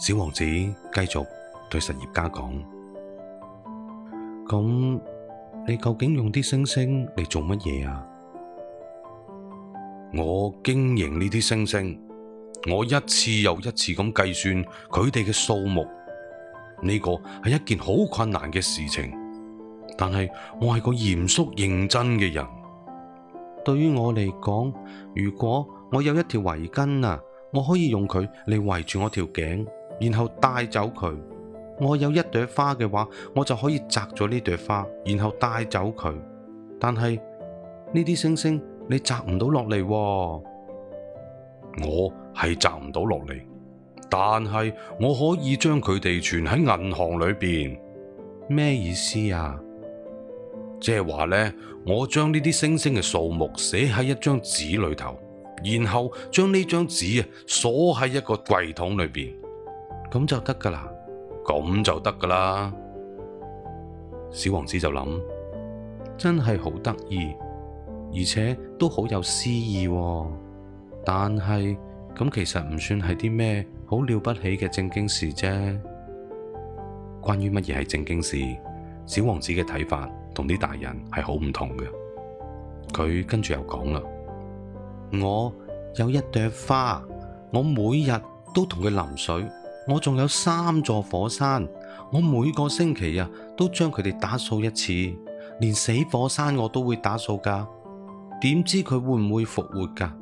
小王子繼續對實業家講：咁你究竟用啲星星嚟做乜嘢啊？我經營呢啲星星，我一次又一次咁計算佢哋嘅數目，呢個係一件好困難嘅事情。但係我係個嚴肅認真嘅人，對於我嚟講，如果我有一條圍巾啊，我可以用佢嚟圍住我條頸。然後帶走佢。我有一朵花嘅話，我就可以摘咗呢朵花，然後帶走佢。但係呢啲星星你摘唔到落嚟喎？我係摘唔到落嚟，但係我可以將佢哋存喺銀行裏邊。咩意思啊？即係話呢，我將呢啲星星嘅數目寫喺一張紙裏頭，然後將呢張紙啊鎖喺一個櫃桶裏邊。咁就得噶啦，咁就得噶啦。小王子就諗，真係好得意，而且都好有詩意喎。但係咁其實唔算係啲咩好了不起嘅正經事啫。關於乜嘢係正經事，小王子嘅睇法同啲大人係好唔同嘅。佢跟住又講啦：我有一朵花，我每日都同佢淋水。我仲有三座火山，我每個星期啊都將佢哋打掃一次，連死火山我都會打掃噶。點知佢會唔會復活噶？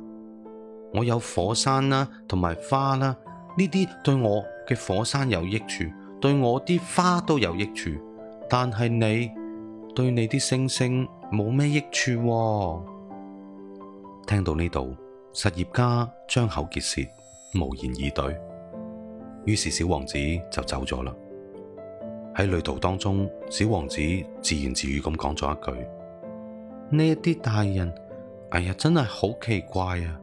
我有火山啦，啊，同埋花啦，啊，呢啲對我嘅火山有益處，對我啲花都有益處。但係你對你啲星星冇咩益處，啊。聽到呢度，實業家張口結舌，無言以對。於是小王子就走咗啦。喺旅途當中，小王子自言自語咁講咗一句：呢一啲大人，哎呀，真係好奇怪啊！